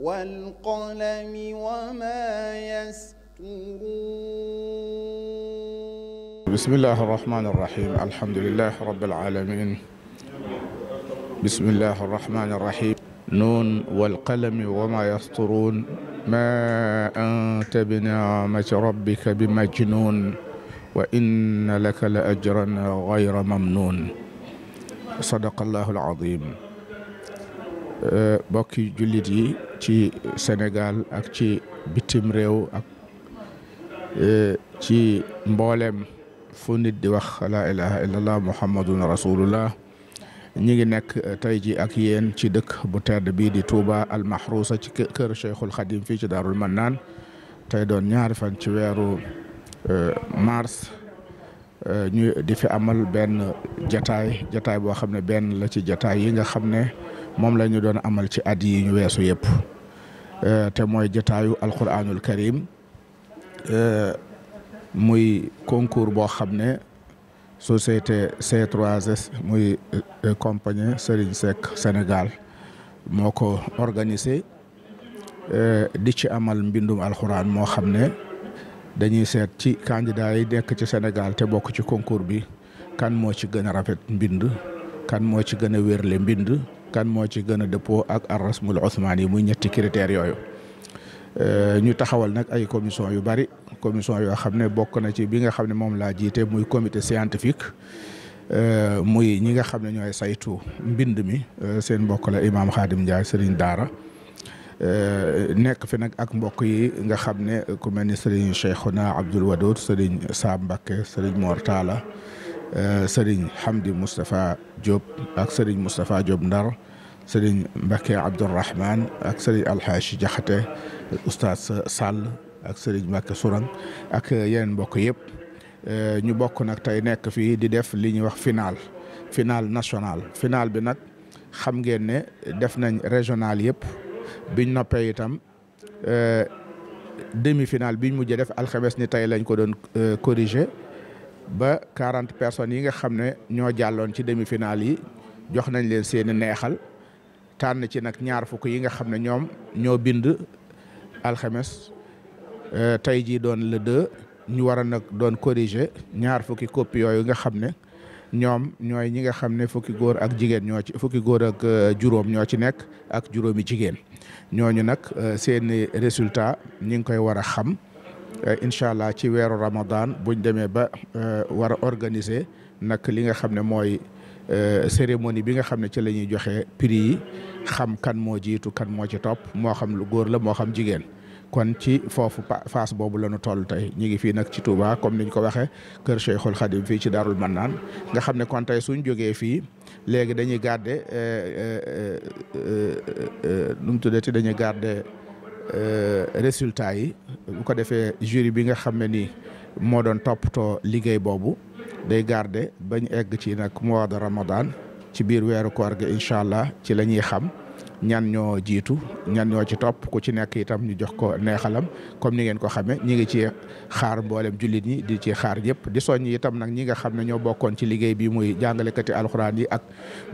والقلم وما يسطرون بسم الله الرحمن الرحيم الحمد لله رب العالمين بسم الله الرحمن الرحيم نون والقلم وما يسطرون ما أنت بنعمة ربك بمجنون وإن لك لأجرا غير ممنون صدق الله العظيم bokki jullit yi ci senegal ak ci bitim réew ak eh, ci mboolem fu nit di wax laa ilaha illallah muhammadun rasulullah ñi ngi nekk eh, tey ji ak yéen ci dëkk bu tedd bii di Touba al Mahrousa ci kër Cheikhul Khadim fii ci Daarul Mannaan tey doon ñaari fan ci weeru eh, mars ñu di fi amal benn jataay jataay boo xam ne benn la ci jataay yi nga xam ne moom la ñu doon amal ci at yi ñu weesu yëpp euh, te mooy jotaayu alquranul karim euh, muy concours boo xam ne société C3S muy euh, compagnie Serigne Seck Sénégal moo ko organisé di ci amal mbindum alxuraan moo xam ne dañuy seet ci candidat yi nekk ci Sénégal te bokk ci concours bi kan moo ci gën a rafet mbind kan moo ci gën a wérle mbind kan moo ci gën a dëppoo ak arrasmul usmaan yi muy ñetti critères yooyu euh, ñu taxawal nag ay commission yu bari commission yoo xam ne bokk na ci bi nga xam ne moom laa jiite muy comité scientifique euh, muy ñi nga xam ne ñooy saytu mbind mi euh, seen mbokk la imaam Xaadim Ndiaye Serigne Daara nekk fi nag ak mbokk yi nga xam ne ku mel ni Serigne Cheikhouna Abdoul Wadoud Serigne Sam Mbacké Serigne Mor Talla Euh, sëriñ Hamdi Moustapha Diop ak sëriñ Moustapha Diop Ndar sëriñ Mbacke Abdourahman ak sëriñ Alxaaji Jaxate oustaz Sall ak sëriñ Mbacke Sourang ak yen mbokk yëpp euh, ñu bokk nag tey nekk fii di def li ñuy wax final final national final bi nag xam ngeen ne def nañ régional yëpp biñ noppee itam euh, demi final biñ mujjee def alxames ni tey lañ ko doon corriger ba quarante personnes yi nga xam ne ñoo jàlloon ci demi final yi jox nañ leen seeni neexal tànn ci nag ñaar fukk yi nga xam ne ñoom ñoo bind alxames euh, tey jii doon le ñu war a nag doon corriger ñaar fukki copie yooyu nga xam ne ñoom ñooy ñi nga xam ne fukki góor ak jigéen ñoo ci fukki góor ak euh, juróom ñoo ci nekk ak juróomi jigéen ñooñu nag euh, seeni résultat ñi ngi koy war a xam Euh, incha allah ci weeru Ramadan buñ demee ba euh, war a organiser nag li nga xam ne mooy euh, cérémonie bi nga xam ne ci la ñuy joxe prix yi xam kan moo jiitu kan moo ci topp moo xam lu góor la moo xam jigéen. kon ci foofu phase boobu la nu toll tey ñu ngi fii nag ci Touba comme niñ ko waxee kër Cheikhul Khadim fii ci Darul Mannaan nga xam ne kon tey suñ jógee fii léegi dañuy garder nu mu tuddati dañuy garder. Euh, résultat yi bu ko defee jury bi nga xam ne nii moo doon toppatoo liggéey boobu day garde bañ egg ci nag mois de ramadan ci biir weeru koor gi incha allah ci la ñuy xam ñan ñoo jiitu ñan ñoo ci topp ku ci nekk itam ñu jox ko neexalam comme ni ngeen ko xamee ñi ngi ci xaar mboolem jullit yi di ci xaar yëpp di soññ itam nag ñi nga xam ne ñoo bokkoon ci liggéey bi muy jàngalekati alxuraan yi ak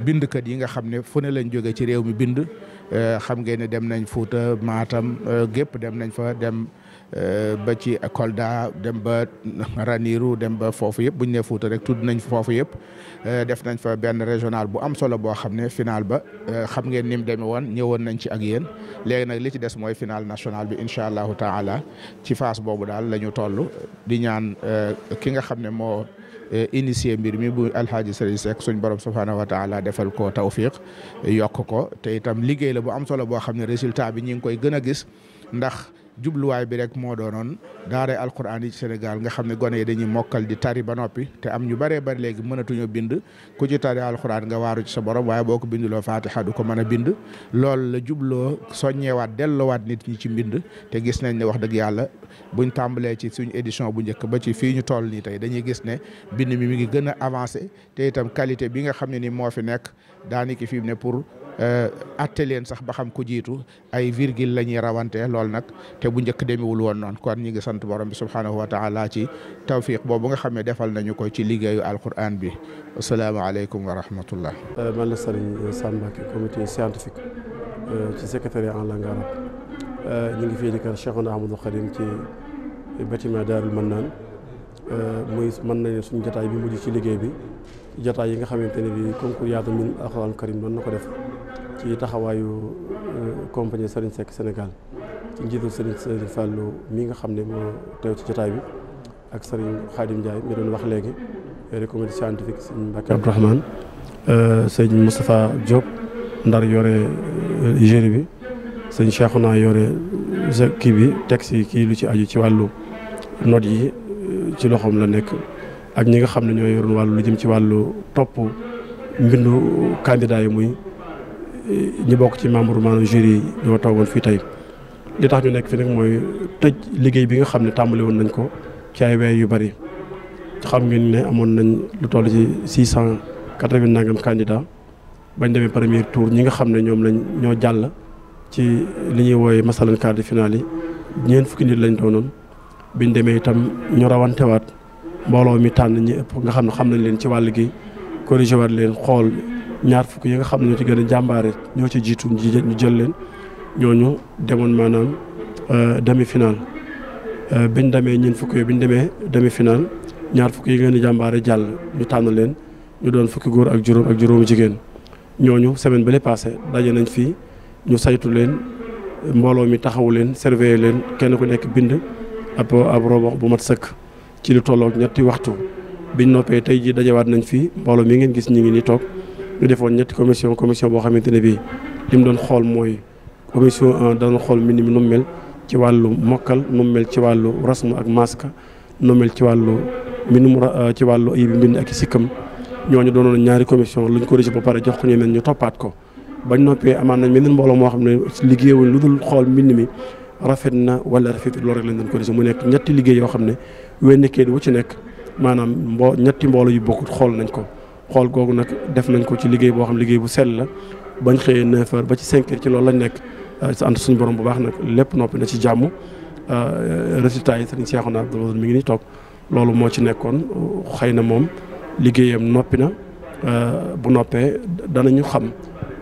bindkat yi nga xam ne fu ne lañ jóge ci réew mi bind eh, xam ngeen ne dem nañ Fuuta Maatam eh, gépp dem nañ fa dem Euh, ba ci Kolda dem ba Ranirou dem ba foofu yëpp bu ñu nee Fuuta rek tudd nañ foofu yëpp euh, def nañ fa benn régional bu am solo boo xam ne final ba euh, xam ngeen ni mu demee woon ñëwoon nañ ci ak yéen léegi nag li ci des mooy final national bi incha allahu taala ci phase boobu daal la ñu toll di ñaan ki nga xam ne moo. initié mbir mi bu alxaaji sëriñ Seck suñ borom subhaanahu wa taala defal ko tawfiq yokk ko te itam liggéey la bo am solo boo xam ne résultat bi ñi ngi koy gën a gis ndax jubluwaay bi rek moo doonoon daara alquran yi ci Sénégal nga xam ne gone yi dañuy mokkal di tari ba noppi te am ñu bëree bari léegi mënatuñoo bind ku ci tari alquran nga waaru ci sa borom waaye boo ko binduloo fatiha du ko mën a bind loolu la jubloo soññeewaat delloowaat nit ñi ci mbind te gis nañ ne wax dëgg yàlla buñ tàmbalee ci suñ édition bu njëkk ba ci fii ñu toll nii tey dañuy gis ne bind mi mi ngi gën a avancé te itam qualité bi nga xam ne ni moo fi nekk daanaka fi mu ne pour Euh, atte leen sax ba xam ku jiitu ay virgule la ñuy rawante lool nag te bu njëkk demewul woon noonu kon ñi ngi sant borom bi subhaanahu wa taala ci tawfiq boobu nga xam ne defal nañu ko ci liggéeyu alquran bi asalaamaaleykum wa rahmatullah euh, man la Sëriñ euh, Sam Mbacké comité scientifique ci secrétariat en langue arabe ñu ngi fii di kër Cheikhouna Ahmadou Khadim ci bâtiment Daarul Mannaan muy mën nañu suñu jataay bi mujj ci liggéey bi jataay yi nga xamante ne bi concours Yaatal Mbindum Alxuraanul Karim doon na ko def ci taxawaayu euh, compagnie Serigne Seck Sénégal ci njiitu Serigne Serigne Fallou mi nga xam ne moo teew ci jotaay bi ak Serigne Khadim Ndiaye mi doon wax léegi recommandé scientifique Serigne Mbacke Abdourahmane euh, Serigne Moustapha Diop ndar yore euh, jury bi Serigne Cheikhouna yore kii bi texte yi kii lu ci aju ci wàllu note yi ci loxoom la nekk ak ñi nga xam ne ñoo yoroon wàllu lu jëm ci wàllu topp mbindu candidat muy ñi bokk ci membre maanaam jury yi ñoo tawoon fii tey li tax ñu nekk fi nag mooy tëj liggéey bi nga xam ne tàmbali woon nañ ko ci ay weer yu bari xam ngeen ne amoon nañ lu toll ci six cent quatre-vingt nangam candidat bañ demee premier tour ñi nga xam ne ñoom lañ ñoo jàll ci li ñuy wooye masalan quart de finale yi ñeent fukki nit lañ doonoon biñ demee itam ñu rawantewaat mbooloo mi tànn ñi ëpp nga xam ne xam nañ leen ci wàll gi corrigé waat leen xool ñaar fukk yi nga xam ne ñoo ci gën a jàmbaare ñoo ci jiitu ñu jël leen ñooñu demoon maanaam euh, demi final euh, bañ demee ñun fukk yooyu biñ demee demi final ñaar fukki yi ngeen di jàmbaare jàll ñu tànn leen ñu doon fukki góor ak juróom ak juróomu jigéen ñooñu semaine bële passé daje nañ fii ñu saytu leen mbooloo mi taxawu leen surveiller leen kenn ku nekk bind ab ab robox bu mat sëkk ci lu tolloog ñetti waxtu biñ noppee tey jii dajewaat nañ fii mbooloo mi ngeen gis ñi ngi ni toog ñu defoon ñetti commission commission boo xamante ne bii li mu doon xool mooy commission 1 xool mbind mi nu mel ci wàllu mokkal nu mel ci wàllu rasmu ak maska nu mel ci wàllu mbindum euh, ci wàllu ayib mbind ak i sikkam doon doonoon ñaari commission luñ ko corrigé ba pare jox ko ñeneen ñu toppaat ko bañ noppee amaan nañ meneen mbooloo moo xam ne liggéeyewuñ lu dul xool mbind mi rafet na wala rafet loolu rek lañ doon corrigé mu nekk ñetti liggéey yoo xam ne wenn kayit wu ci nekk maanaam mbo ñetti mbooloo yu bokkut xool nañ ko xool googu nag def nañ ko ci liggéey boo xam liggéey bu sell la bañ xëyee 9 ba ci 5h ci loolu lañ nekk euh, sant suñu borom bu baax nag lépp noppi na ci jàmm euh, résultat yi sëriñ Cheikhouna Abdou Wadoud mi ngi nii toog loolu moo ci nekkoon xëy na moom liggéeyam noppi na euh, bu noppee danañu xam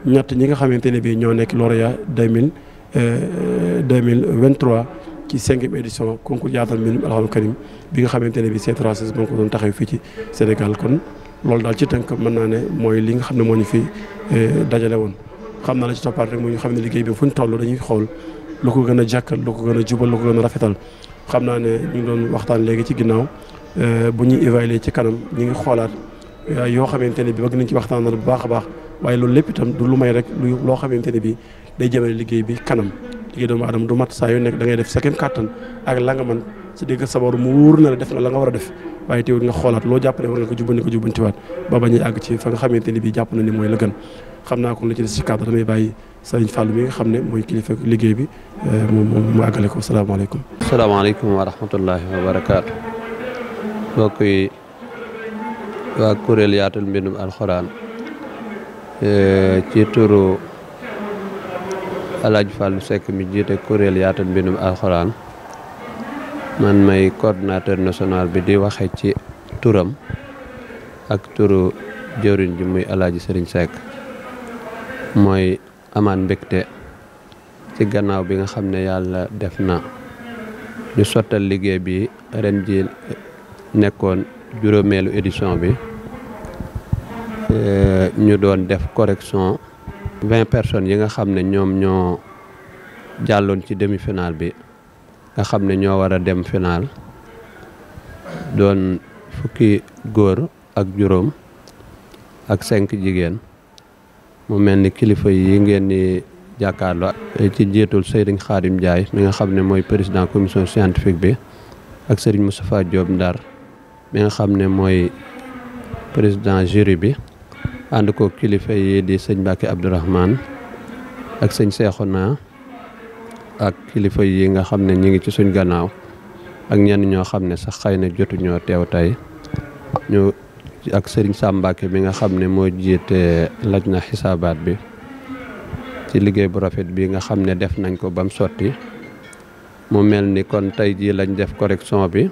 ñett ñi nga xamante ne bii ñoo nekk lauréat deux mille deux mille vingt trois ci cinquième édition concours yaatal mbindum alxuraan bi nga xamante ne bii C3S moo ko doon taxaw fii ci Sénégal kon. loolu daal ci tënk mën naa ne mooy li nga xam ne moo ñu fi eh, dajale woon xam naa la ci toppaat rek mu ñu xam ne liggéey bi fu ñu toll dañuy xool lu ko gën a jàkkal lu ko gën a jubal lu ko gën a rafetal xam naa ne ñu ngi doon waxtaan léegi ci ginnaaw eh, bu ñuy évaluer ci kanam ñu ngi xoolaat eh, yoo xamante ne bi bëgg nañ ci waxtaan waxtaanal bu baax a baax waaye loolu lépp itam du lu may rek lu loo xamante ne bi day jëmale liggéey bi kanam liggéey doomu aadama du mat saa yu nekk da ngay def sa la nga man si dégg sabaru mu wóor na def la nga war a def waaye teewul nga xoolaat loo jàpp ne war nga ko jubbanti ko jubbantiwaat ba bañ àgg ci fa nga xamante ni bii jàpp na ni mooy la xam naa ko la ci des ci cadre damay bàyyi sëriñ Fallou mi nga xam ne mooy kilifa liggéey bi euh, moom mu àggale ko salaamaaleykum. salaamaaleykum wa rahmatullahi wa barakaatu. mbokk yi waa kuréel yaatal mbindum alxuraan euh, ci turu El Hadj Fallou Seck mi jiite yaatal mbindum alxuraan. man may coordinateur national bi di waxe ci turam ak turu jëriñ ji muy alaaji sëriñ Seck mooy amaan mbégte ci gannaaw bi nga xam ne yàlla def na ñu sottal liggéey bi ren ji nekkoon juróomeelu édition bi ñu doon def correction vingt personnes yi nga xam ne ñoom ñoo jàlloon ci demi-finale bi nga xam ne ñoo war a dem final doon fukki góor ak juróom ak cinq jigéen mu mel ni kilifa yi ngeen di jàkkaarloo eh, ci jiitul Serigne Khadim Ndiaye mi nga xam ne mooy président commission scientifique bi ak Serigne Moustapha Diop Ndar mi nga xam ne mooy président jury bi ànd ko kilifa yi di sëñ Mbacke Abdourahmane ak sëñ naa ak kilifa yi nga xam ne ñi ngi ci suñ gannaaw ak ñenn ñoo xam ne sax xëy na jotu ñoo teew tey ñu ak sëriñ Sàmbaake bi nga xam ne moo jiite laj na xisaabaat bi ci liggéey bu rafet bi nga xam ne def nañ ko bam sotti mu mel ni kon tey jii lañ def correction bi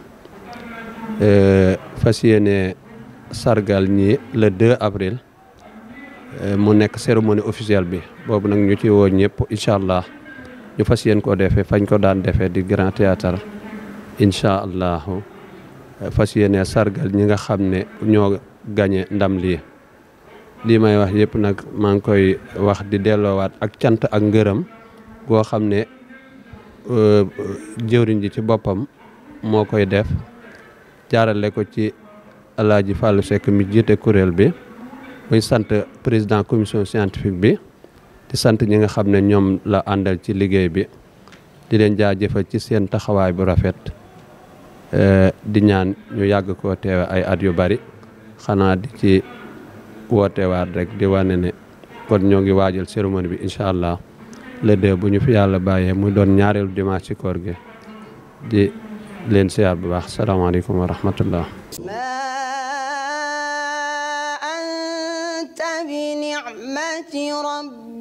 e, fas yéene sargal ñi le 2 avril e, mu nekk cérémonie officielle bi boobu nag ñu ci woo ñëpp incha allah ñu fas yéen koo defee fañ ko daan defee di grand théâtre incha allahu fas yéene sargal ñi nga xam ne ñoo gañe ndam lii lii may wax yëpp nag maa ngi koy wax di delloowaat ak cant ak ngërëm goo xam ne euh, jëwriñ ji ci boppam moo koy def jaarale ko ci alaaji Fallou Seck mi jiite kuréel bi muy sant président commission scientifique bi di sant ñi nga xam ne ñoom la àndal ci liggéey bi di leen jëfal ci seen taxawaay bu rafet eh, di ñaan ñu yàgg koo teewe ay at yu bari xanaa di ci wootewaat rek di wane ne kon ñoo ngi waajal cérémonie bi incha allah le deux bu ñu fi yàlla bàyyee mu doon ñaareelu dimanche ci koor gi di leen siyaar bu baax salaamaaleykum wa rahmatullah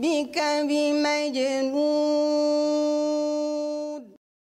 ربك بمجنون